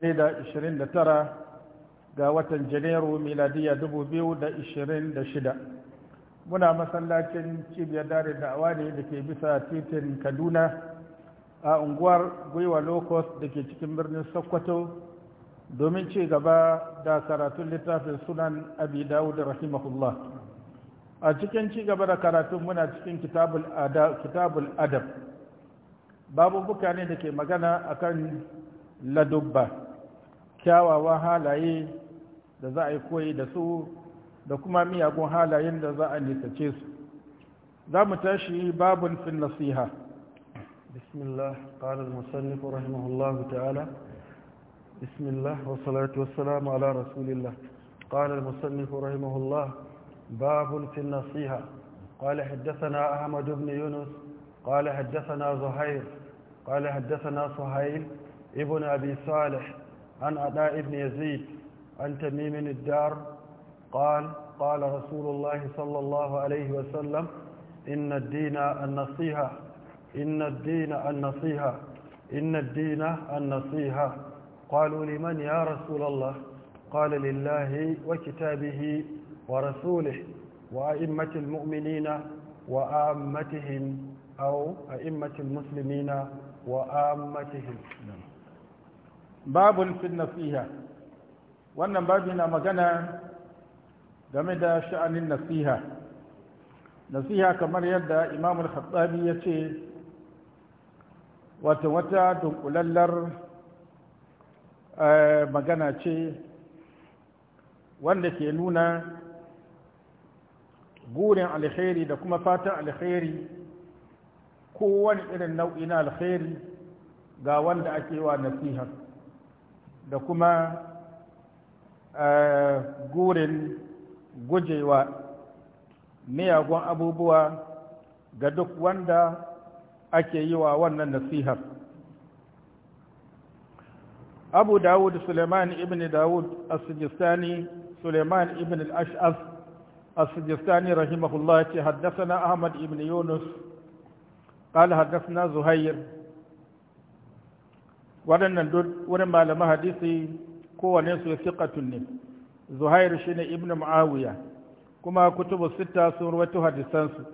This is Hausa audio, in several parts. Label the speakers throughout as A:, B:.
A: ne da tara ga watan janairu miladiya 2026 muna masallacin cibiyar dare awa ne da ke bisa titin kaduna a unguwar gwiwa locos da ke cikin birnin sokoto domin ci gaba da karatun littafin sunan abi dawud rahimahullah a cikin ci gaba da karatun muna cikin kitabul adab babu buka ne da ke magana akan ladubba kyawawan halaye da za a yi koyi da su da kuma miyagun halayen da za a nisace su za mu tashi babun fin nasiha
B: bismillah qala al rahimahullahu ta'ala bismillah wa salatu wassalamu ala rasulillah fin nasiha ahmad ibn yunus qala haddathana zuhair qala haddathana suhayl ibn abi salih عن عطاء بن يزيد عن تميم الدار قال قال رسول الله صلى الله عليه وسلم إن الدين النصيحة إن الدين النصيحة إن الدين النصيحة قالوا لمن يا رسول الله قال لله وكتابه ورسوله وأئمة المؤمنين وآمتهم أو أئمة المسلمين وآمتهم نعم.
A: babun fi nasiha wannan babi na magana game da sha'anin nasiha nasiha kamar yadda imamul khattabi ya ce wata wata dunkulallar eh, magana ce wanda ke nuna gurin alheri da kuma fatan alheri, kowane irin nau'i na alkhairi ga wanda ake wa nasihar da kuma eh, gurin gujewa miyagun abubuwa ga duk wanda ake yi wa wannan nasihar abu dawud suleiman ibn dawud as-sijistani suleiman ibn al-ash'af as-sijistani rahimahullah ce haddasa ahmad ibn yunus قال حدثنا زهير waɗannan duk wurin malaman hadisi kowane su siqatun ne zuhair ne Ibn Ma'awiya, kuma kutubu sita sun rawaito hadisansu su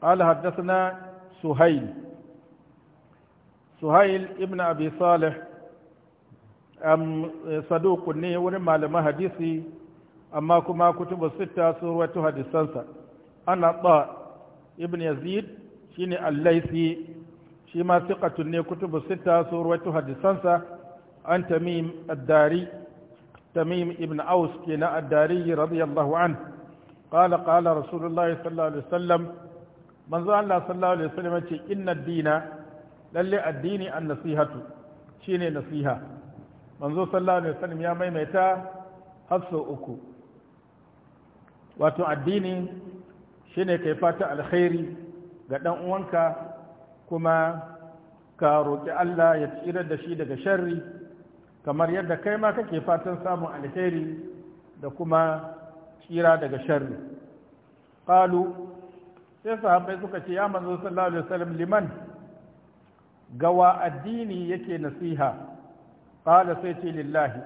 A: qala haddathana suhail suhail Ibn abi salih am eh, saduq ne wurin malaman hadisi amma kuma kutubu sita sun rawaito hadisansa ana ta ibn yazid shine al-laisi shi ma siƙatun ne kutubu sita su ruwaitu hadisansa an tamim addari tamim ibn aus ke na addari radiyallahu an ƙala ƙala rasulullahi sallallahu alaihi wasallam manzo Allah sallallahu alaihi wasallam ce inna dina lalle addini an nasihatu shine nasiha manzo sallallahu alaihi wasallam ya maimaita har uku wato addini shine kai fata alkhairi ga dan uwanka kuma ka roƙi Allah ya tsirar da shi daga sharri kamar yadda kai ma kake fatan samun alheri da kuma tsira daga sharri qalu sai sahabbai suka ce ya manzo sallallahu alaihi wasallam liman gawa addini yake nasiha qala sai ce lillahi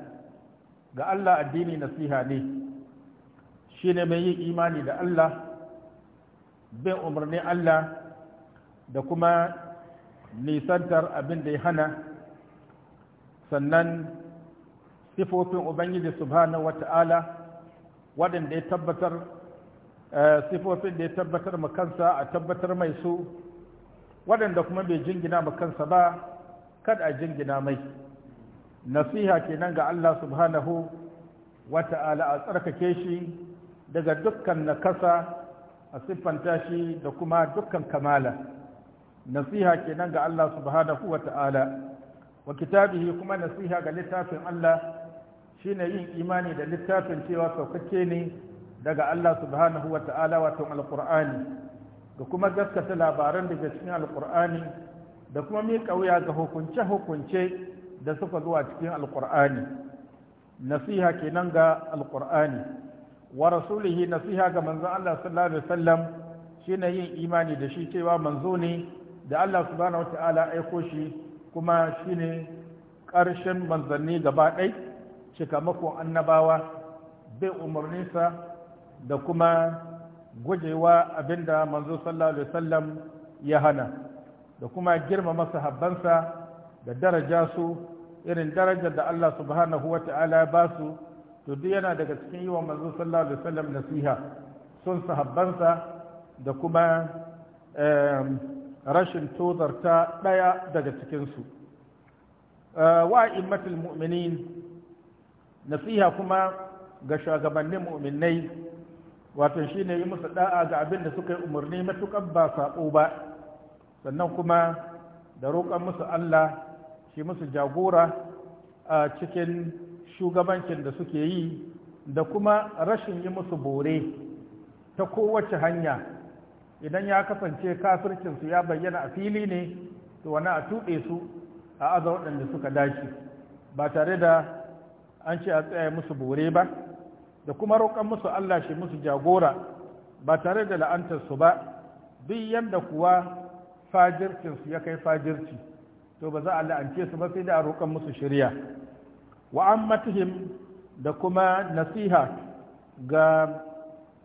A: ga Allah addini nasiha ne shine mai yin imani da Allah bin umarnin Allah da kuma nisantar abin da ya hana sannan sifofin ubangiji subhanahu ta'ala waɗanda ya tabbatar eh, sifofin da ya tabbatar kansa a tabbatar mai su waɗanda kuma bai jingina kansa ba kada a jingina mai nasiha kenan ga Allah subhanahu wa ta'ala a tsarkake shi daga dukkan nakasa a siffanta shi da kuma dukkan kamala nasiha kenan ga Allah subhanahu wa ta'ala wa kitabihi kuma nasiha ga littafin Allah ne yin imani da littafin cewa saukake ne daga Allah subhanahu wa ta'ala wato alqur'ani ga kuma gaskata labaran daga cikin alqur'ani da kuma miƙa wuya ga hukunce-hukunce da suka zuwa cikin alqur'ani nasiha kenan ga alqur'ani wa rasulihi nasiha ga manzon Allah sallallahu alaihi wasallam shine yin imani da shi cewa manzo ne da Allah subhanahu ya aiko shi kuma shine ƙarshen manzanni gaba ɗai cikamakon annabawa bai umarninsa da kuma gujewa abinda manzo sallallahu alaihi wasallam ya hana da kuma girmama sahabbansa da daraja su irin darajar da Allah subhanahu ta'ala ba su to duk yana daga cikin yi wa manzo sallallahu alaihi wasallam nasiha sun sahabbansa da kuma eh, rashin tozarta ɗaya daga cikinsu eh, immatul mu'minin nasiha kuma ga shugabannin mu'minai wato shine yi musu ɗa'a ga abin da suka yi umarni matukan ba saƙo ba sannan kuma da roƙon musu Allah shi musu jagora a cikin shugabancin da suke yi da kuma rashin yi musu bore ta kowace hanya idan ya kasance kafircinsu ya bayyana a fili ne to wani a tuɗe su a aza waɗanda suka dace ba tare da an ce a tsaye musu bore ba da kuma roƙon musu Allah shi musu jagora ba tare da la'antar su ba duk yadda kuwa fajircinsu ya kai fajirci to ba za a la'ance su ba sai da a roƙon musu shirya wa da kuma nasiha ga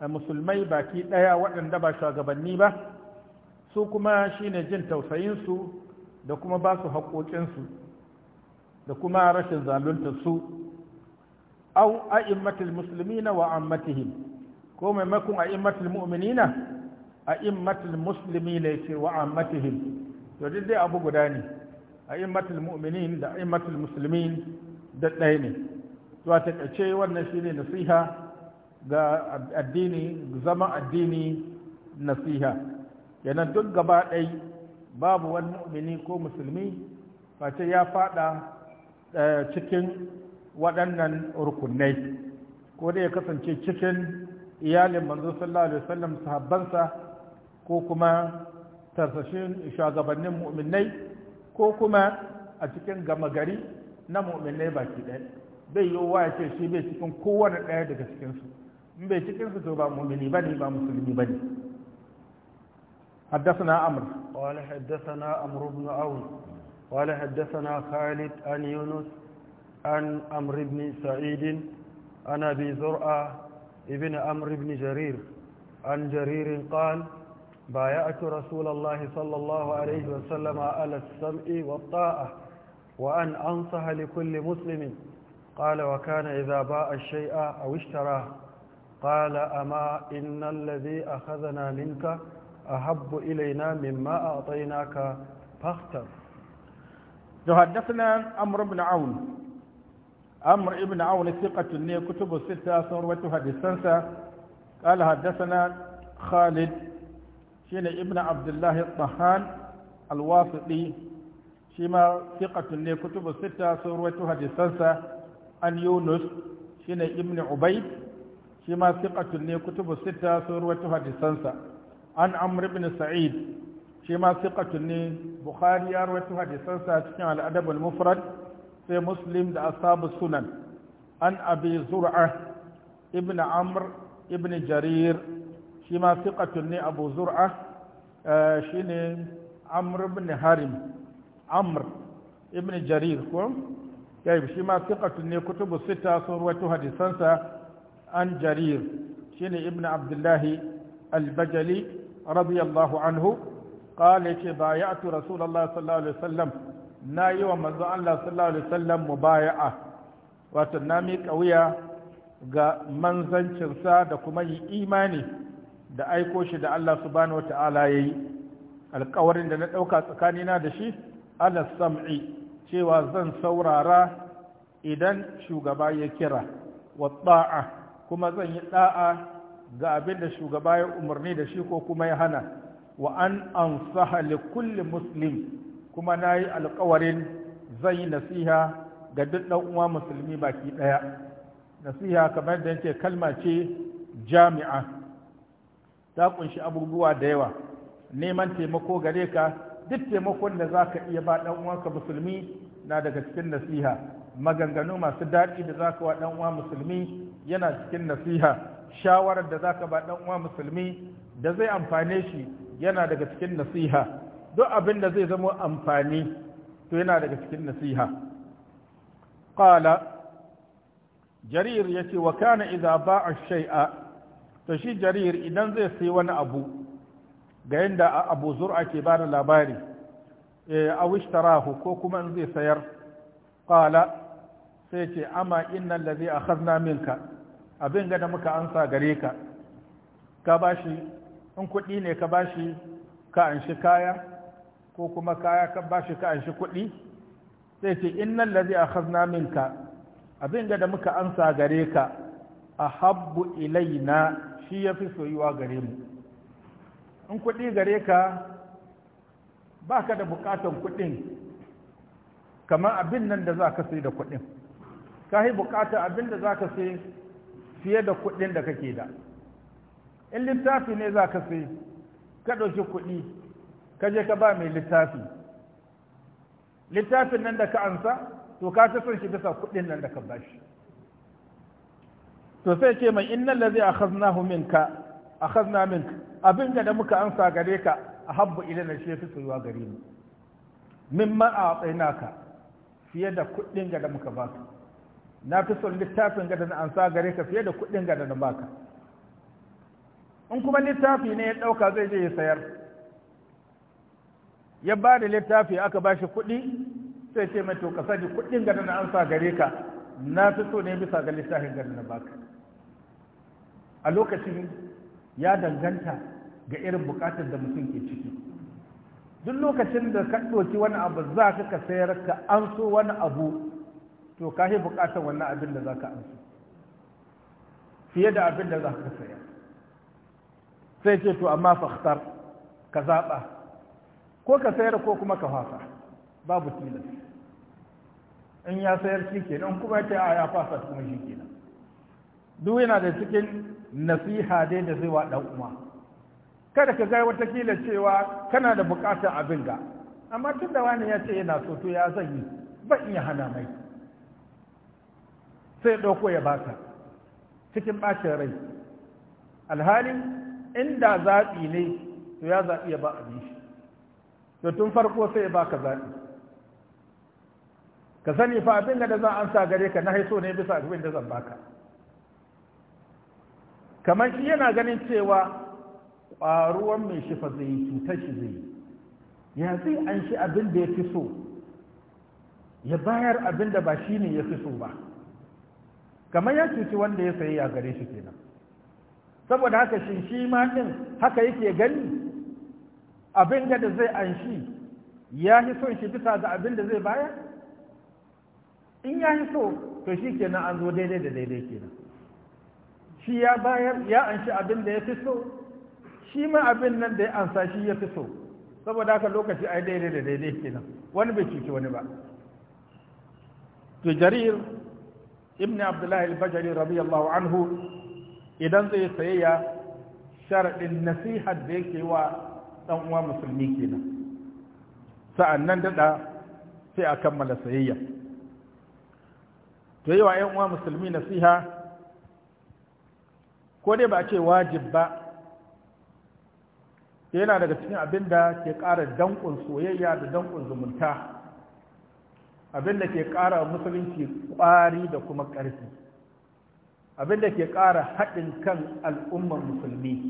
A: musulmai baki ɗaya waɗanda ba shugabanni ba su kuma shine jin tausayinsu da kuma ba su haƙoƙinsu da kuma rashin zaluntar su. au a'immatul muslimina wa ammatihim ko maimakon a'immatul mu'minina a'immatul muslimina ce wa ammatihim to duk dai abu guda ne a'immatul mu'minin da a'immatul musulmin da ɗaya ne to a taƙaice wannan shine nasiha ga addini zama addini nasiha kenan duk gaba ɗai babu wani mu'mini ko musulmi face ya faɗa eh, cikin waɗannan rukunai ko dai ya kasance cikin iyalin manzo sallallahu alaihi wasallam sahabbansa ko kuma tarsashin shugabannin mu'minai ko kuma a cikin gama gari na mu'minai baki ɗaya bai yiwuwa ya ce shi bai cikin kowane ɗaya daga cikinsu in cikin su ba mu'mini bane ba musulmi bane حدثنا عمرو
B: قال حدثنا عمرو بن عون قال حدثنا خالد عن يونس عن عمرو بن سعيد عن ابي زرعه ابن عمرو بن جرير عن جرير قال بايعت رسول الله صلى الله عليه وسلم على السمع والطاعة وأن أنصح لكل مسلم قال وكان إذا باع الشيء أو اشتراه قال أما إن الذي أخذنا منك أحب إلينا مما أعطيناك فاختر تحدثنا أمر بن عون
A: أمر بن عون ثقة لي كتب الستة صور وتحدثنسا قال حدثنا خالد شين ابن عبد الله الطحان الواسطي شما ثقة لي كتب الستة صور وتحدثنسا عن يونس شين ابن عبيد shi ma siqatun ne kutubu sita sun rubuta hadisansa an amr ibn sa'id shi ma siqatun ne bukhari ya ruwaito hadisansa cikin al-adab al-mufrad sai muslim da ashabu sunan an abi zur'a ibn amr ibn jarir shi ma siqatun ne abu zur'a eh, shine amr ibn harim amr ibn jarir ko yayi shi ma siqatun ne kutubu sita sun rubuta hadisansa an jarir shine ibn abdullahi al-bajali radiyallahu anhu qala ce bayatu rasulullah sallallahu alaihi wasallam na yi wa manzo Allah sallallahu alaihi wasallam mubaya'a wato na miƙa ga manzancinsa da kuma yi imani da aiko shi da Allah subhanahu wata'ala yayi alƙawarin da na ɗauka tsakanina da shi ala sam'i cewa zan saurara idan shugaba ya kira wa ta'a kuma zan yi da'a ga abin da shugaba ya umarni da shi ko kuma ya hana wa an an sahali kulli muslim kuma yi alkawarin zan yi nasiha ga duk ɗan uwa musulmi baki ɗaya nasiha kamar da yake kalma ce jami'a ta kunshi abubuwa da yawa neman taimako gare ka duk taimakon da za ka iya ba ɗan uwanka musulmi na daga cikin nasiha maganganu masu daɗi da zaka wa ɗan uwa musulmi yana cikin nasiha shawarar da zaka ba ɗan uwa musulmi da zai amfane shi yana daga cikin nasiha duk abin da zai zama amfani to yana daga cikin nasiha qala jarir ce wa kana ba a shay'a to shi jarir idan zai sai wani abu ga yanda abu zur'a ke bada labari eh awishtarahu ko kuma in zai sayar qala sai ce amma innal a akhadna minka abin ga da muka ansa gare ka ka bashi in kudi ne ka bashi ka anshi kaya ko kuma kaya ka bashi ka anshi kudi. sai ce innal a akhadna minka abin ga da muka ansa gare ka ahabbu ilaina shi yafi soyuwa gare mu in kudi gare ka baka da bukatan kudin kamar abin nan da za ka sai da kudin. ka yi bukata abinda za ka sai fiye da kuɗin da kake da in littafi ne za ka sai ka ɗauki kuɗi ka je ka ba mai littafi littafin nan da ka ansa to ka ta son shi bisa kuɗin nan da ka bashi to sai ce mai inna lazi a minka a khazna minka abin da muka ansa gare ka a habbu na shi fi tsayuwa gare mu min ma a fiye da kuɗin da muka ba ka. na fi son littafin gada na ansa gare ka fiye da kuɗin gada na baka in kuma littafi ne ya ɗauka zai je ya sayar ya ba da littafi aka ba shi kuɗi sai ce mai to ka sani kuɗin gada na ansa gare ka na fi so ne bisa ga littafin gada na baka a lokacin ya danganta ga irin buƙatar da mutum ke ciki duk lokacin da ka ɗauki wani abu za ka sayar ka an so wani abu to ka yi buƙatar wannan abin da za ka amsa fiye da abin da za ka saya sai ce to amma fahtar ka zaɓa ko ka sayar ko kuma ka fasa babu tilas in ya sayar shi nan kuma ya ce a ya fasa kuma shi kenan duk yana da cikin nasiha dai da zai wa ɗan uwa kada ka gai watakila cewa kana da buƙatar abin ga amma tun da wani ya ce yana so to ya zan yi ban iya hana mai sai ɗauko ya baka cikin ɓacin rai alhali inda zaɓi ne to ya zaɓi ya ba abin shi to tun farko sai ya baka zaɓi ka sani fa abin da za an sa gare ka na haiso ne bisa abin da zan baka kamar shi yana ganin cewa ƙwaruwan mai shifa fa zai cutar shi zai ya zai an shi abin da ya fi so ya bayar abin da ba shi ne ya fi so ba kamar ya cuci wanda ya sayi a gare shi kenan saboda haka shin shi ma din haka yake gani abin da zai anshi ya yi son shi bisa ga abin da zai baya in ya yi so to shi kenan an zo daidai da daidai kenan shi ya bayar ya anshi abin da ya fi so shi ma abin nan da ya ansa shi ya fi so saboda haka lokaci yi daidai da daidai kenan wani bai cuci wani ba to jarir ibn abdullahi al-bajali radiyallahu anhu idan zai sayayya sharadin nasiha da yake wa dan uwa musulmi kenan sa'annan dada sai a kammala sayayya to yi wa ‘yan uwa musulmi nasiha ko dai ba a ce wajib ba yana daga cikin abinda ke ƙara danƙun soyayya da danƙun zumunta abin da ke ƙara musulunci ƙwari da kuma ƙarfi abin da ke ƙara haɗin kan al'ummar musulmi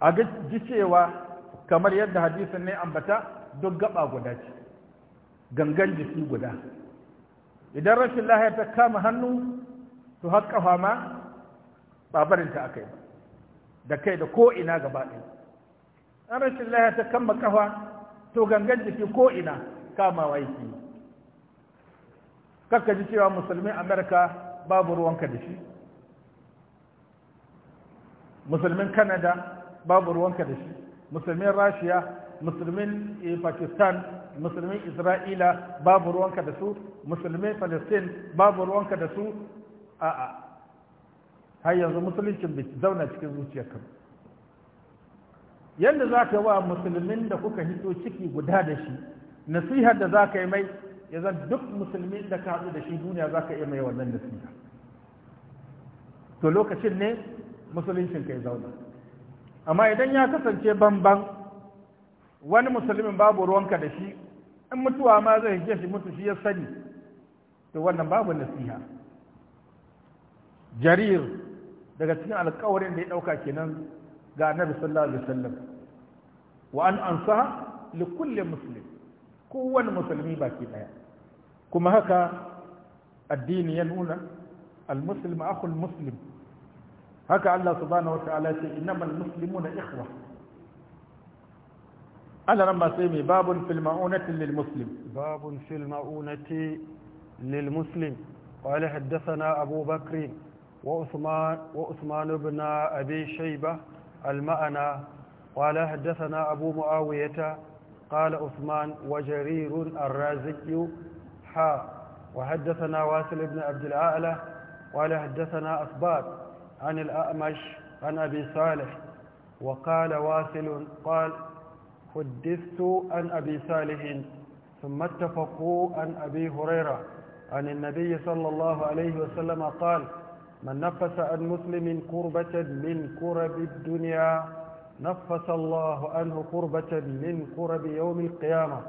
A: a ji cewa kamar yadda hadisun ne ambata duk gaba guda ce gangan jiki guda idan rashin lahiyar ta kama hannu to haƙƙafa ma babarinta a kai ba da kai da ko'ina gaba ɗaya an rashin lahiyar ta kama ƙafa to gangan jiki ko'ina kamawa yake kakka ji cewa musulmin amerika babu ruwanka da shi musulmin canada babu ruwanka da shi musulmin rashiya musulmin eh, pakistan musulmin isra'ila babu ruwanka da su musulmin palestine babu ruwanka da su a'a har yanzu musuluncin bai zauna cikin zuciyarka yadda za ka wa musulmin da kuka hito ciki guda da shi nasihar da za ka yi mai ya zan duk musulmi da ka haɗu da shi duniya za ka iya mai wannan nasiha to lokacin ne musuluncin ka yi zauna amma idan ya kasance banban wani musulmin babu ruwanka da shi in mutuwa ma zai hige shi mutu shi ya sani to wannan babu nasiha jarir daga cikin alkawarin da ya ɗauka kenan ga annabi sallallahu alaihi wasallam wa an ansa li kulli kowane musulmi baki daya kuma haka addini ya nuna almuslim akhul muslim haka Allah subhanahu wataala ce innamal muslimuna ikhwa Allah ran ba
B: sai mai babun fil ma'unati lil muslim babun fil ma'unati lil muslim قال حدثنا أبو بكر وعثمان, وعثمان بن أبي شيبة المأنى قال حدثنا أبو معاوية قال عثمان وجرير الرازي حا وحدثنا واسل بن عبد الأعلى قال حدثنا أصبات عن الأأمش عن أبي صالح وقال واسل قال حدثت عن أبي صالح ثم اتفقوا عن أبي هريرة عن النبي صلى الله عليه وسلم قال من نفس عن مسلم كربة من كرب الدنيا نفس الله عنه قربة من قرب يوم القيامة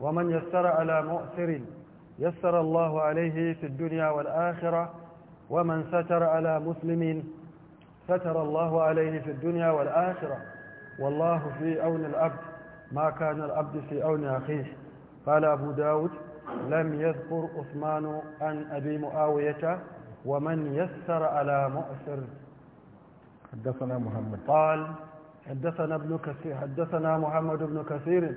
B: ومن يسر على مؤثر يسر الله عليه في الدنيا والآخرة ومن ستر على مسلم ستر الله عليه في الدنيا والآخرة والله في أون العبد ما كان العبد في أون أخيه قال أبو داود لم يذكر عثمان عن أبي معاوية ومن يسر على مؤثر
A: حدثنا محمد
B: قال حدثنا ابن كثير حدثنا محمد بن كثير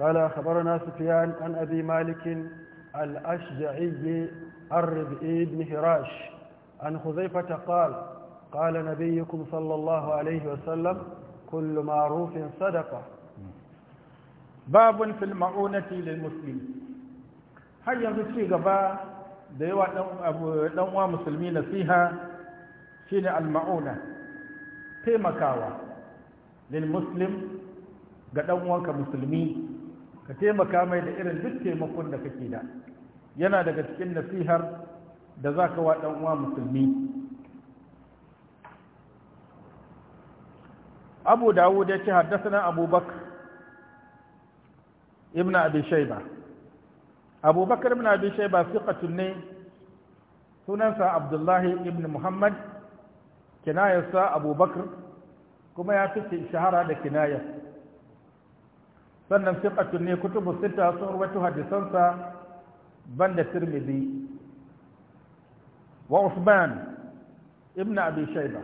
B: قال أخبرنا سفيان عن أبي مالك الأشجعي الربئي بن هراش عن خزيفة قال قال نبيكم صلى الله عليه وسلم كل معروف صدقة باب في المعونة للمسلم هل ينزل غبا
A: da yawa ɗan مسلمين فيها nasiha المعونة في mauna lil muslim ga dan uwanka musulmi ka taimaka mai da irin duk taimakon da kake da yana daga cikin nasihar da zaka wa dan uwa musulmi abu dawud ya ce haddasa abubakar ibn abi shaiba abubakar ibn abi shaiba ne sunansa abdullahi ibn muhammad yasa abubakar kuma ya fi shahara da kinaya sannan fiqatun ne kutubu sita sun rubuta hadisansa banda tirmidhi wa usman ibn abi shayba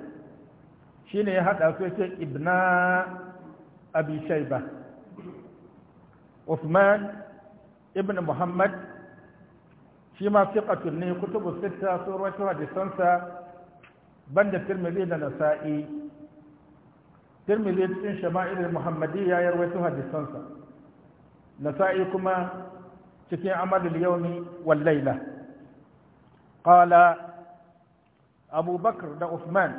A: shine ya hada su yake ibna abi shayba usman ibn muhammad shi ma fiqatun ne kutubu sita sun rubuta hadisansa banda tirmidhi da nasa'i tirmidhi cikin shama'il muhammadiyya ya rawaito hadisansa nasa'i kuma cikin amalul yawmi wal layla qala abu bakr da uthman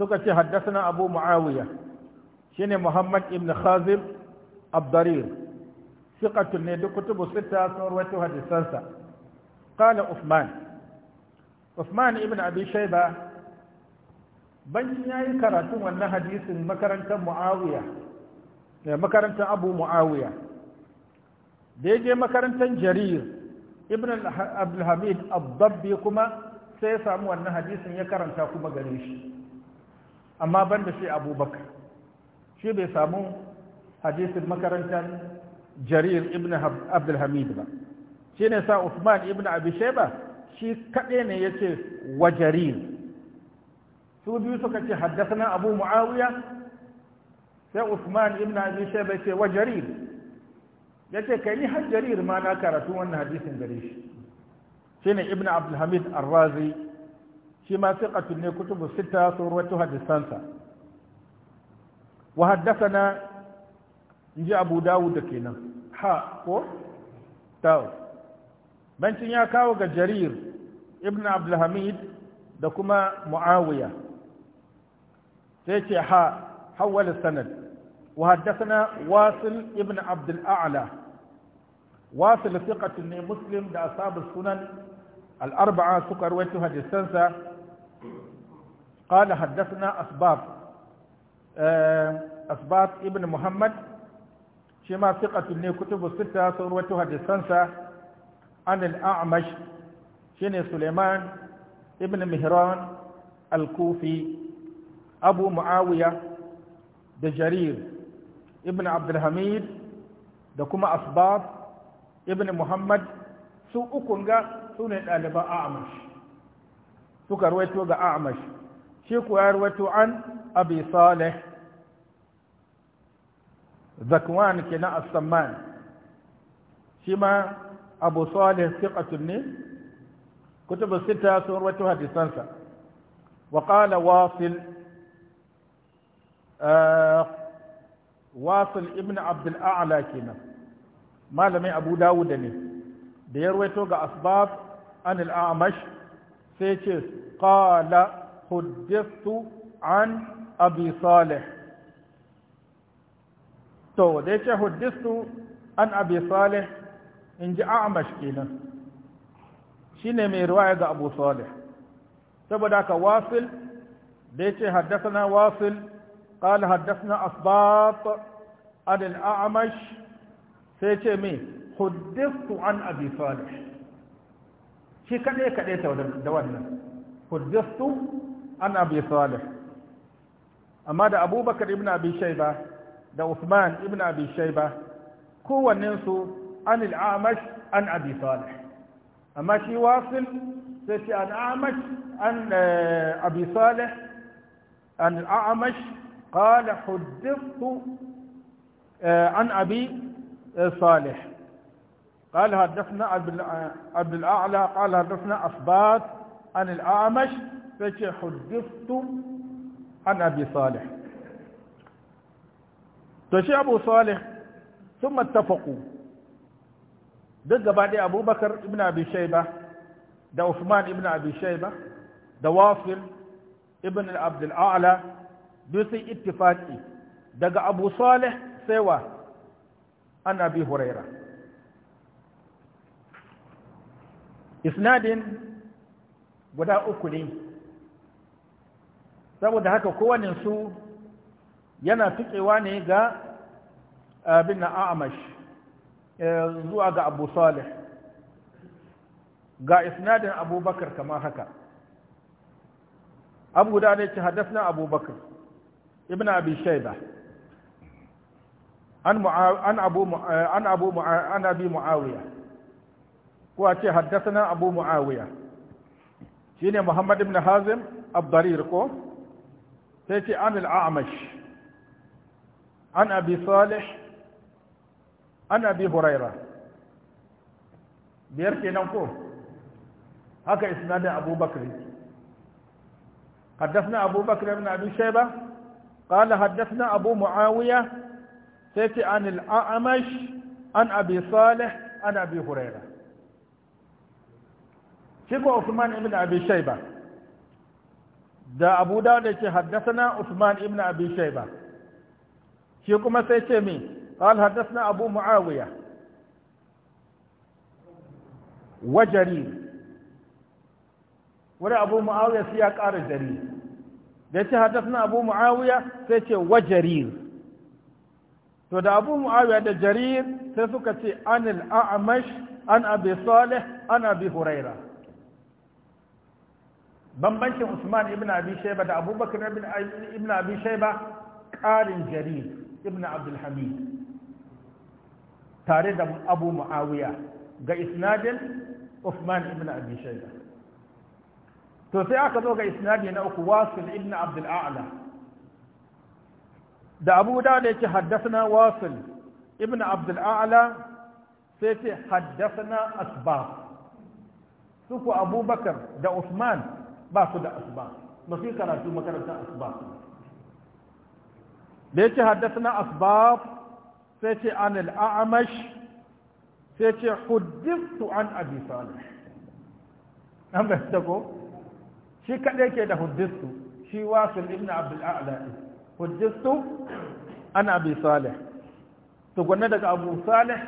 A: suka ce haddathana abu muawiya shine muhammad ibn khazim abdarir thiqatun ne duk kutubu sita sun hadisansa qala uthman uthman ibn abi shayba bancin ya yi karatun wannan hadisin makarantar mu'awiya eh, makarantar abu mu'awiya da ya je makarantar jarir ibn abdulhamid abdabbi kuma sai ya samu wannan hadisin ya karanta kuma gare shi amma ban da shi abubakar shi bai samu hadisin makarantar jarir ibn abdulhamid ba shi ne sa usman ibn abishai ba shi kaɗai ne ya ce wa jarir su biyu suka ce haddasana abu muawiya sai usman ibn abi shaiba ce wa jarir Ya ce kai ni har jarir ma na karatu wannan hadisin gare shi Shi ne ibn Abdulhamid arrazi shi ma sai thiqatun ne kutubu sita sun rawaito hadisansa wa haddasa na in ji abu dawud da kenan ha ko taw bancin ya kawo ga jarir ibn Abdulhamid da kuma muawiya سيتي ها حول السند وحدثنا واصل ابن عبد الأعلى واصل ثقة مسلم ده أصحاب السنن الأربعة سكر ويتو حديثنسا قال حدثنا أسباب آه، أسباب ابن محمد شما ثقة ان كتب الستة سكر ويتو حديثنسا عن الأعمش شني سليمان ابن مهران الكوفي abu muawiya da jarir ibn abdulhamid da kuma asbab ibn muhammad su ukun ga su ne ɗaliban a'amash suka ruwaito ga a'amash shi kuwa ya ruwaito an abi zakwan kenan na samman shi ma abu salih thiqatun ne kutubu sita sun ruwaito hadisansa wa qala wasil wasil ibn abdul a'la kenan malamin abu dawud ne da ya ruwaito ga asbab an al-a'mash sai ce qala hudithu an abi salih to da ya ce hudithu an abi salih in ji a'mash kenan shine mai ruwaya ga abu salih saboda ka wasil da ya ce haddasa na wasil قال حدثنا أصباط عن الأعمش سيتي مي حدثت عن أبي صالح شي كان إيه كان إيه حدثت عن أبي صالح أما دا أبو بكر ابن أبي شيبة دا عثمان ابن أبي شيبة كو ننسو عن الأعمش عن أبي صالح أما شي واصل سيتي عن أعمش عن آه، أبي صالح عن الأعمش قال آه، آه، آه، حدثت عن أبي صالح قال حدثنا عبد الأعلى قال حدثنا أثبات عن الأعمش فحدثت عن أبي صالح فشي أبو صالح ثم اتفقوا دق بعد أبو بكر ابن أبي شيبة ده عثمان ابن أبي شيبة ده واصل ابن عبد الأعلى duk sun daga Abu Salih sai wa an Abi Huraira isnadin guda uku ne saboda haka kowanne su yana tukewa ne ga abin na Amash eh, zuwa ga Abu Salih ga isnadin Abubakar kamar haka abu da ne ce haddasa abubakar ibn abi shayba eh, an abi muawiya ko a ce haddathana abu muawiya shine muhammad ibn hazim abdarir ko sai ce an al-a'mash an abi salih an abi huraira biyar kenan ko haka abubakar حدثنا أبو بكر بن أبي قال حدثنا أبو معاوية سيتي عن الأعمش عن أبي صالح عن أبي هريرة شكو عثمان بن أبي شيبة دا أبو داود حدثنا عثمان بن أبي شيبة شكو ما سيتي قال حدثنا أبو معاوية وجرير ولا أبو معاوية sai ya ƙara da ce haddasa abu mu'awiya sai ce wa jarir to da abu mu'awiya da jarir sai suka ce anil a'amash an abi salih an abi huraira bambancin usman ibn abi shayba da abubakar ibn ibn abi shayba qarin jarir ibn abd alhamid tare da abu mu'awiya ga isnadin usman ibn abi shayba to sai aka zo ga isnadi na uku wasil ibn abdul a'la da abu da da yake haddathana wasil ibn abdul a'la sai ce haddathana asbab Suku abubakar da usman ba su da asbab ba su karatu makaranta asbab da yake haddathana asbab sai ce an al-a'mash sai ce huddithu an abi salih an ga ko shi kaɗai ke da huddistu shi wasul ibn abdul a'la huddistu ana abi salih tukunna daga abu salih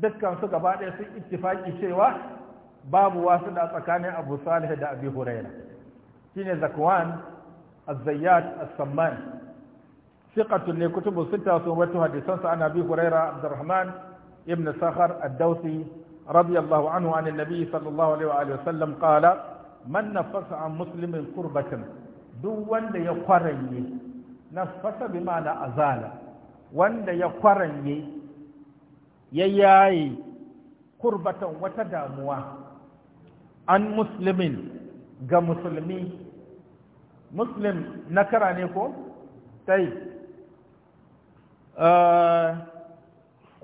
A: dukkan su gaba ɗaya sun ittifaki cewa babu wasu da tsakanin abu salih da abi huraira ne zakwan az-zayyat as-samman thiqatun ne kutubu sita sun wato hadisan sa ana abi huraira abdurrahman ibn sakhar ad-dawsi radiyallahu anhu an an-nabi sallallahu man nafasa an musulmin kurbatan duk wanda ya kwaranye nafasa bi ma'ana azala wanda ya kwaranye ya yaye kurbatan wata damuwa an Musulmin ga musulmi na kara ne ko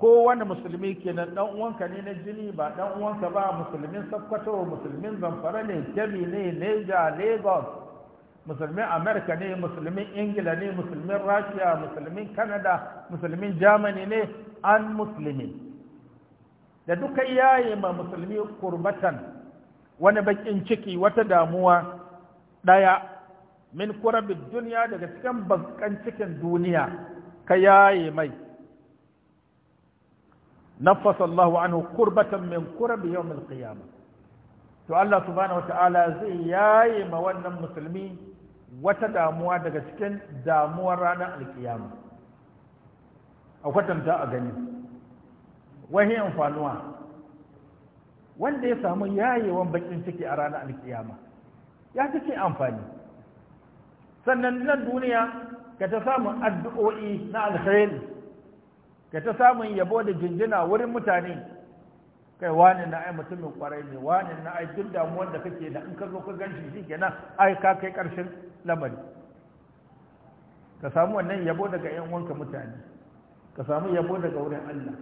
A: kowane musulmi kenan dan uwanka ne na jini ba dan uwanka ba musulmin sakkwato musulmin zamfara ne kebbi ne neja lagos musulmin amerika ne musulmin ingila ne musulmin rashiya musulmin canada musulmin germany ne an musulmi da duka yaye ma musulmi kurbatan wani bakin ciki wata damuwa daya min kurabin duniya daga cikin bakan cikin duniya ka yaye mai Nafasallahu Allahu anhu kurbatan min kurbi yawmil to Allah subhanahu Ta'ala zai yaye ma wannan musulmi wata damuwa daga cikin damuwar ranar alkiyama a kwatanta a gani Wani amfanuwa wanda ya samu yayewan bakin ciki a ranar alkiyama ya cikin amfani sannan nan duniya ka ta samun addu'o'i na alkhairi ka ta samun yabo da jinjina wurin mutane kai wani na ai mutumin kwarai ne wani na ai duk damuwar da kake da in ka zo ka ganshi kenan ai ka kai karshen lamari ka samu wannan yabo daga yan uwanka mutane ka samu yabo daga wurin Allah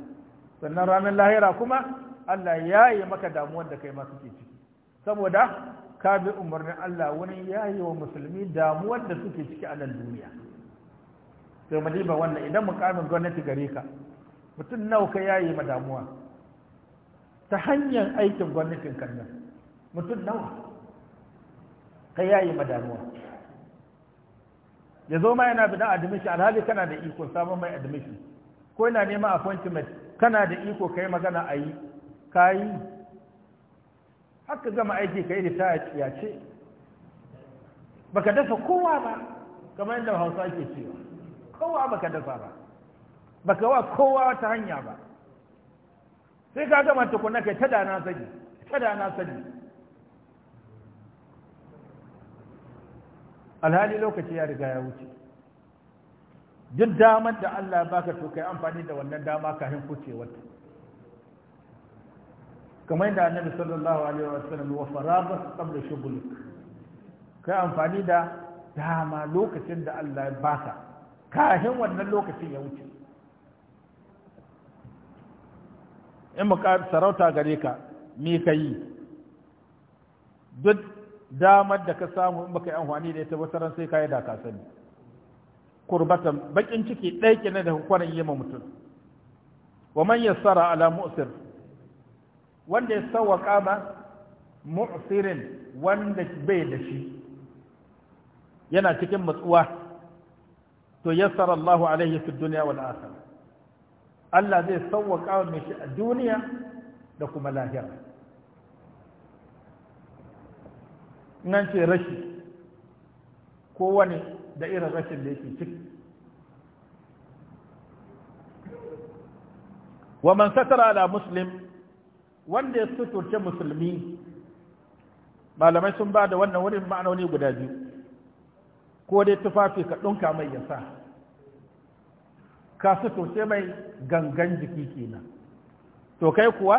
A: sannan ranar lahira kuma Allah ya yi maka damuwar da kai ma kake ciki saboda ka bi umarnin Allah wurin yi wa musulmi damuwar da suke ciki a nan duniya sai mu wannan idan mukamin gwamnati gare ka mutum nawa ka yayi ma damuwa ta hanyar aikin gwamnatin kan mutum nawa ka yayi ma damuwa ya zo ma yana bidan admission alhali kana da iko samun mai admission ko yana neman appointment kana da iko kai magana a yi ka yi haka gama aiki ka yi da ta ce baka dafa kowa ba kamar yadda hausa ke cewa kowa baka dafa ba baka wa kowa ta hanya ba sai ka gama tukuna kai tada na sani tada na sani alhali lokaci ya riga ya wuce duk damar da Allah baka to kai amfani da wannan dama kafin kucewarta kamar yadda annabi sallallahu alaihi wasallam wa faraba qabla shughlik kai amfani da dama lokacin da Allah ya baka kashin wannan lokacin ya wuce in muka sarauta gare ka me ka yi duk damar da ka samu in baka yi amfani da ita wasu ran sai ka yi da ka sani kurbatan bakin ciki ɗaya kina da kwanan yi ma mutum wa man yassara ala mu'sir wanda ya sawwaka ma mu'sirin wanda bai da shi yana cikin matsuwa to yassara Allahu alaihi fi dunya wal akhirah Allah zai sauwaka mishi a duniya da kuma lahira nan ce rashi wani da irin rashin da yake ciki wa man satara ala muslim wanda ya suturce musulmi malamai sun ba da wannan wurin ma'anoni guda biyu ko dai tufafi ka ɗunka mai ya sa ka suturce mai gangan jiki kenan to kai kuwa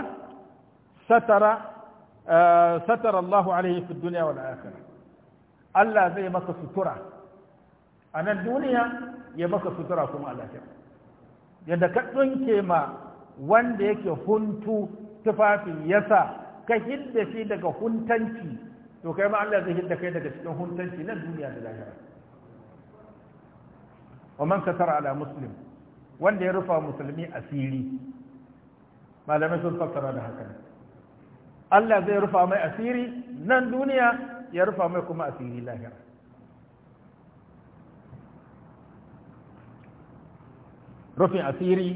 A: satara eh, satara Allahu alaihi fi duniya wal akhirah Allah zai maka sutura a nan duniya ya maka sutura kuma a lafiya yadda ka ɗunke ma wanda yake huntu tufafin yasa ka hidda shi daga huntanci to kai ma Allah zai hidda kai daga cikin huntanci na duniya da lahira wa man satara ala muslim wanda ya rufa musulmi asiri malamai sun fassara da haka Allah zai rufa mai asiri nan duniya ya rufa mai kuma asiri lahira rufin asiri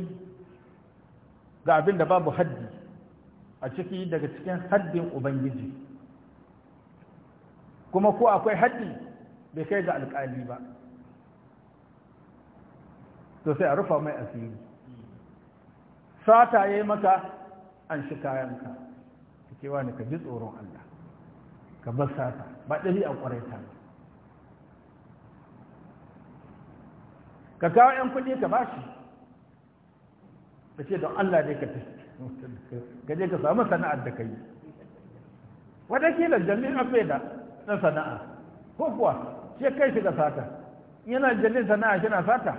A: ga abin da babu haddi a ciki daga cikin haddin ubangiji kuma ko akwai haddi bai kai ga alƙali ba to sai a rufa mai asiri sata ya yi maka an shi kayanka ke wani ka ji tsoron Allah ka bar sata ba ɗari a ƙwarai ta ka kawo 'yan kuɗi ka bashi ka ce don Allah dai ka ka je ka samu sana'ar da ka yi da jami'in abai da na sana'a ko kuwa sai kai shiga sata yana jami'in sana'a shi na sata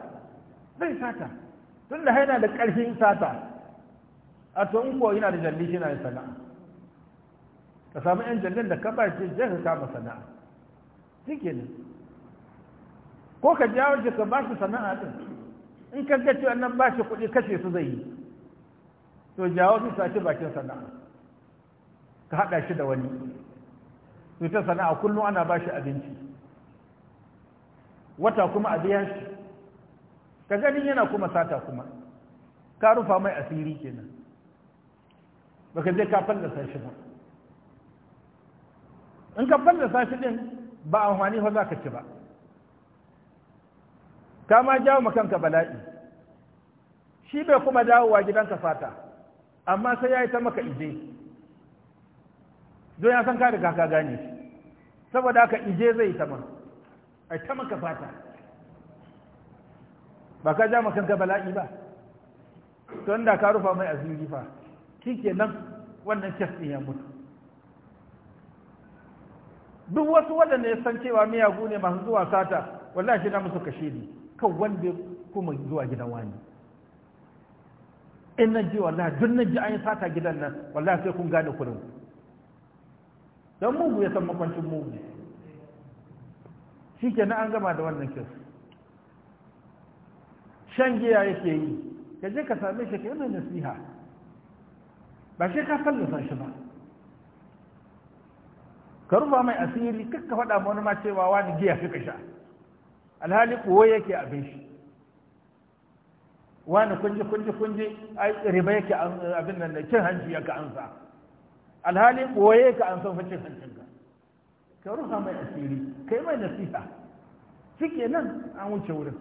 A: zai sata tun da haina da ƙarfin sata a to in ko yana da jalli shi na da sana'a ka samu yan jallin da ka ba shi zai ka kama sana'a ke ne ko ka jawo shi ka ba shi sana'a din in ka ga cewa nan ba shi kuɗi kashe su zai yi to jawo su sace bakin sana'a ka haɗa shi da wani to ta sana'a kullum ana ba shi abinci wata kuma a biyan shi ka gani yana kuma sata kuma ka rufa mai asiri kenan baka je ka fallasa shi ba in ka fallasa shi din ba amfani ba za ka ci ba ka ma jawo ma kanka bala'i shi bai kuma dawowa gidanka fata amma sai ya yi ta maka ije don ya san ka riga ka gane shi saboda haka ije zai ta ma ai ta maka fata ba ka ja kanka bala'i ba don da ka rufa mai asiri fa shi nan wannan kes ɗin ya mutu duk wasu waɗanda ya san cewa miyagu ne masu zuwa sata wallahi shi na musu kashe ne kan wanda kuma zuwa gidan wani in na ji wallahi duk na ji an yi sata gidan nan wallahi sai kun gane kurin don mugu ya san makwancin mugu shi ke an gama da wannan kes shan giya yake yi ka je ka same shi ka yi nasiha ba shi ka fallasa shi ba ka rufa mai asiri kakka faɗa ma wani ma cewa wani giya suka sha alhali kuwa yake abin shi wani kunji kunji kunji ai riba yake abin nan cin hanci yake ansa alhali kuwa yake an san cin hancin ka ka rufa mai asiri ka yi mai nasiha kenan an wuce wurin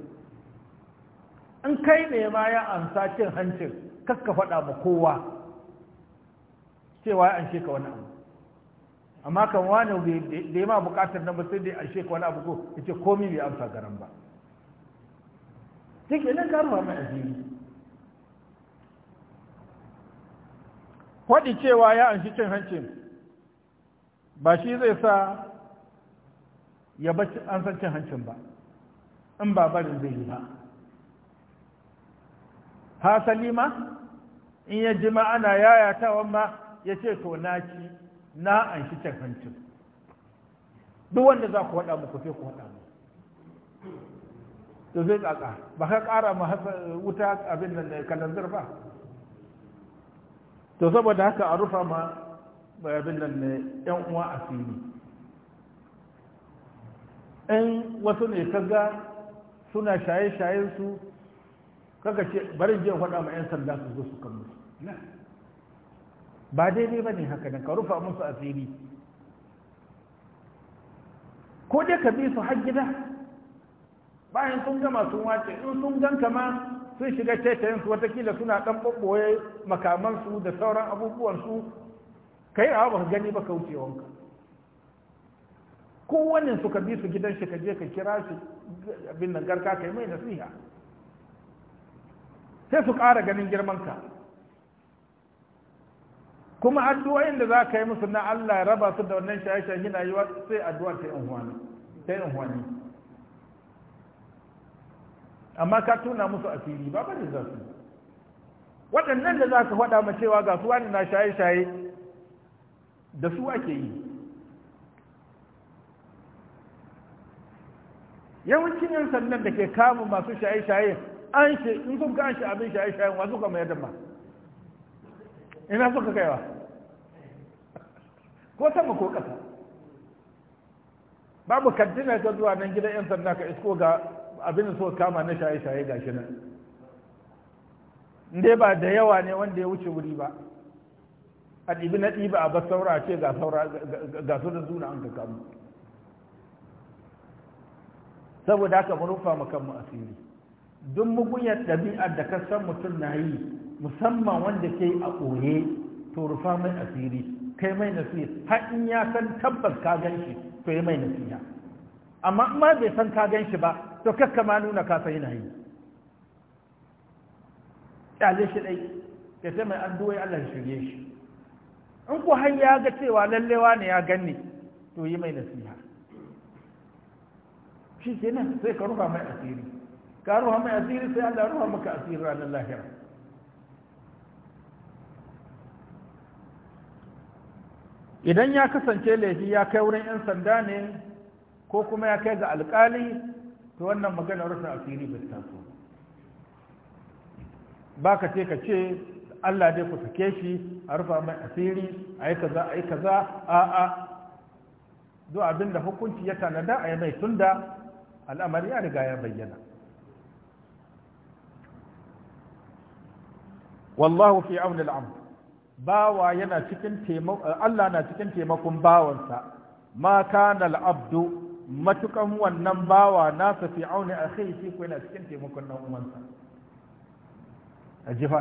A: in kai ne ma ya ansa cin hancin kakka faɗa ma kowa cewa ya anshe ka wani abu amma kan wani da ya ma bukatar na ba sai da ya anshe ka wani abu ko ya ce komi bai amsa garan ba cikin nan karuwa mai asiri faɗi cewa ya anshi cin hancin ba shi zai sa ya bacci an san cin hancin ba in ba barin zai yi ba Ha Salima in ya ji ma ana yayata wamma ya ce to na ci na an shi can duk wanda za ku waɗa muku sai ku waɗa mu to zai tsaka ba ka ƙara ma wuta abin nan kalanzir ba to saboda haka a rufa ma abin nan ne yan uwa asiri in wasu ne kaga suna shaye shayen su. kaka ce barin je faɗa ma 'yan sanda su zo su kan musu ba daidai ba ne haka nan ka rufa musu asiri ko dai ka bi su har gida bayan sun gama sun wace in sun ganka ma sun shiga tetayen su watakila suna ɗan ɓoɓɓoye makamansu da sauran abubuwansu ka yi awa baka gani ba ka wuce wanka Ko su ka bi su gidan shi ka je ka kira shi abin nan garka ka yi mai nasiha sai su ƙara ganin girmanka kuma addu'o'in da za ka yi musu na Allah ya raba su da wannan shaye-shaye na yiwa sai addu'a ta yin yin huwani amma ka tuna musu asiri ba bari za su waɗannan da za ka faɗa ma cewa ga su na shaye-shaye da su ake yi yawancin yan sandan da ke kama masu shaye-shaye an shi in sun ka an shi abin shaye shaye wa suka mayar da ma ina suka kaiwa ko sama ko ƙasa babu kaddina ta zuwa nan gidan yan sanda ka isko ga abin so kama na shaye shaye ga shi nan dai ba da yawa ne wanda ya wuce wuri ba a ɗibi na ɗiba a bar saura ce ga saura ga su da zuna an ka kamu saboda haka mu rufa mu kanmu asiri duk mugunyar ɗabi'ar da ka san mutum na yi musamman wanda ke a ɓoye to rufa mai asiri kai mai nasiha har in ya san tabbas ka gan shi to yi mai nasiha amma in ma bai san ka gan shi ba to kakka ma nuna ka san yana yi ƙyale shi ɗai ya ce mai ya Allah shirye shi in ku har ya ga cewa lallewa ne ya ganni to yi mai nasiha shi kenan sai ka rufa mai asiri ka ruha mai asiri sai Allah ruha maka asiri ranar lahira idan ya kasance laifi ya kai wurin 'yan sanda ne ko kuma ya kai ga alkali to wannan maganar rufin asiri bai taso ba ka ce ka ce Allah dai ku sake shi a rufa mai asiri a yi kaza a yi kaza a a zuwa abin da hukunci ya tanada a yi mai tunda al'amari ya riga ya bayyana wallahu fi auni bawa yana cikin Allah na cikin taimakon bawansa ma kana matukan wannan bawa nasa fi auni akhihi shi ko yana cikin taimakon nan uwansa ajifa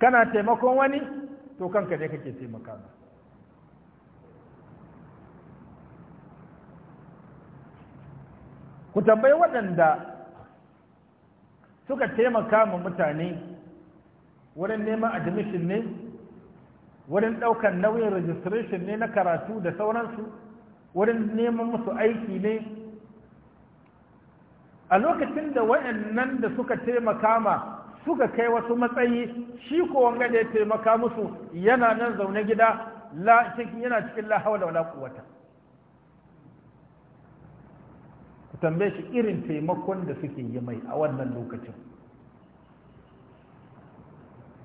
A: kana taimakon wani to kanka ne kake taimaka ku tambayi waɗanda suka taimaka ma mutane wurin neman admission ne wurin ɗaukar nauyin registration ne na karatu da sauransu wurin neman musu aiki ne a lokacin da waɗannan da suka taimaka ma suka kai wasu matsayi shi ko wanga da ya taimaka musu yana nan zaune gida la yana cikin la hawla wala quwwata tambaye shi irin taimakon da suke yi mai a wannan lokacin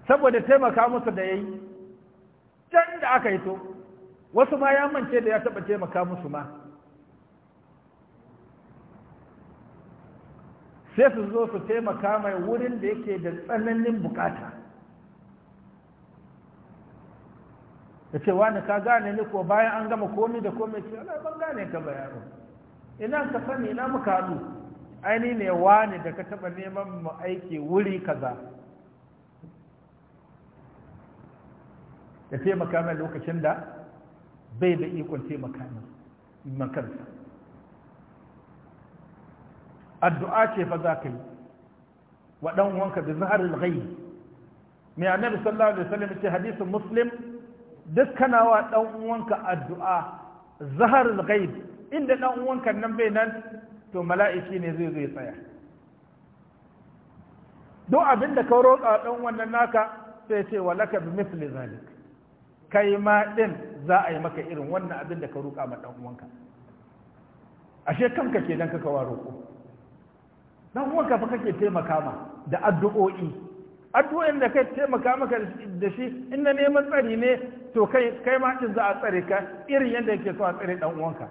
A: saboda taimaka musu da ya yi can da aka yi to wasu ma ya mance da ya taɓa taimaka musu ma sai su zo su taimaka mai wurin da yake da tsananin bukata da ce wani ka gane ni ko bayan an gama komi da komai ce ban gane ka ba ina ka sani ina muka hadu aini ne wani da ka taɓa neman mu aiki wuri kaza da taimaka mai lokacin da bai da ikon taimaka ne makarsa addu'a ce fa za ka yi wa ɗan wanka da zaharar gai mai annabi sallallahu alaihi wasallam ce hadisin muslim duk kana wa ɗan wanka addu'a zaharar gai inda dan uwanka nan bai nan to mala'iki ne zai zai tsaya duk abin da ka roƙa dan wannan naka sai ce wa laka bi misli zalik kai ma din za a yi maka irin wannan abin da ka roƙa ma dan uwanka ashe kanka ke dan kaka wa roƙo dan uwanka fa kake taimaka ma da addu'o'i addu'o'in da kai taimaka maka da shi in na neman tsari ne to kai kai ma din za a tsare ka irin yadda yake so a tsare dan uwanka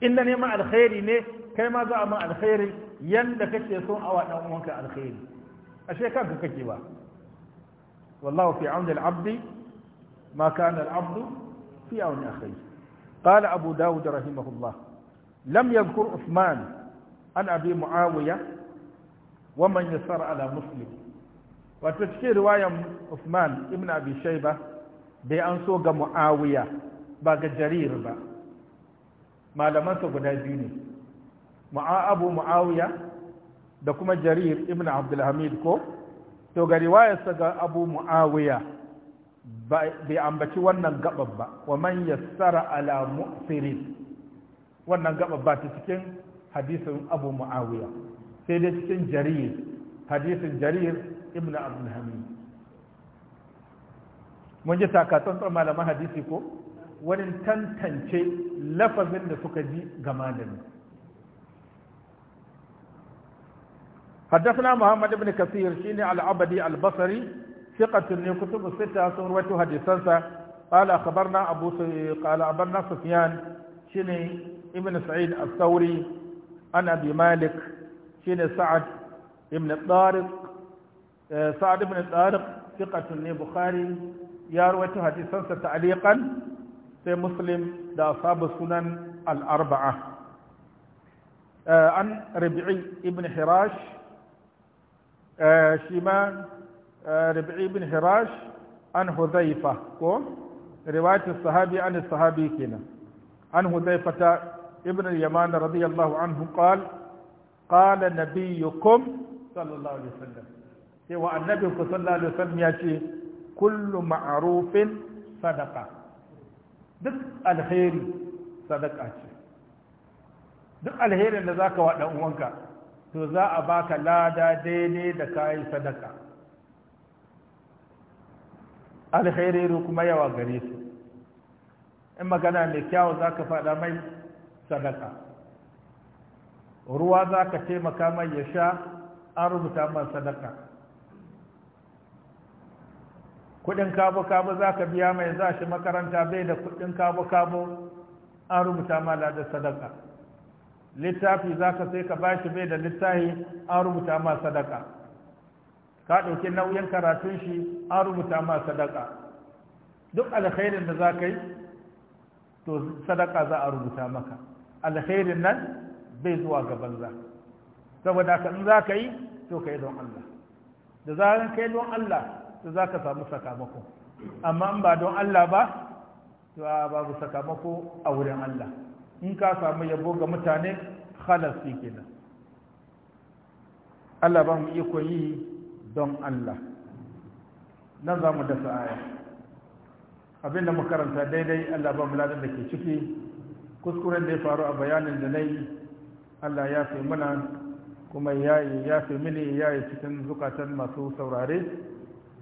A: in na neman alkhairi ne kai ma za a ma alkhairi yanda kake son awa dan uwanka alkhairi ashe kanka kake ba wallahu fi auni al-abdi ma kana al-abdu fi auni akhihi قال Usman, an abi muawiya, لم يذكر عثمان ala أبي معاوية ومن يسر على مسلم وتشكي رواية bai an so ga mu'awiya. Ba ga جرير ba. malamansa guda biyu ne abu mu'awiya da kuma jarir ibn abdulhamid ko to ga riwayarsa ga abu mu'awiya bai ambaci wannan gaɓar ba wa man yassara ala mu'sirin wannan gaɓar ba ta cikin hadisin abu mu'awiya sai dai cikin jarir hadisin jarir ibn abdulhamid mun ji takatsantsan malaman hadisi ko wurin tantance lafazin da suka ji ga malami حدثنا محمد بن كثير شيني العبدي البصري ثقة من كتب الستة سورة حديثا قال أخبرنا أبو قال أخبرنا سفيان شيني ابن سعيد الثوري أنا أبي مالك شيني سعد ابن الطارق سعد بن الطارق ثقة من بخاري يروي حديثا تعليقا sai muslim da ashabu sunan al-arba'a an rabi'i ibn hirash shi ma rabi'i ibn hirash an huzaifa ko riwayatul sahabi an sahabi kenan an huzaifata ibn al-yaman radiyallahu anhu qala qala nabiyyukum sallallahu alaihi wasallam cewa annabinku sallallahu alaihi wasallam ya ce kullu ma'rufin sadaqa duk alheri sadaka ce duk alherin da zaka wa dan uwanka to za a baka lada daidai da kayan sadaka alheri kuma yawa gare su in magana mai za zaka fada mai sadaka ruwa zaka taimaka mai ya sha an rubuta man sadaka kudin kabo-kabo za ka biya mai za shi makaranta bai da kudin kabo-kabo an rubuta ma da sadaka littafi za ka sai ka bashi bai da littafi an rubuta ma sadaka ka ɗauki nauyin karatun shi an rubuta ma sadaka duk alkhairin da za ka yi to sadaka za a rubuta maka alkhairin nan bai zuwa ga banza saboda ka in za ka yi to ka yi don Allah da zaran kai don Allah to za ka samu sakamako amma in ba don Allah ba to babu sakamako a wurin Allah in ka samu yabo ga mutane khalasi kenan Allah ba mu iko yi don Allah nan za mu dasa aya abinda da makaranta daidai Allah ba mu da ke ciki kuskuren da ya faru a bayanin da na yi Allah ya fi muna kuma ya yi ya fi mini ya yi cikin zukatan masu saurare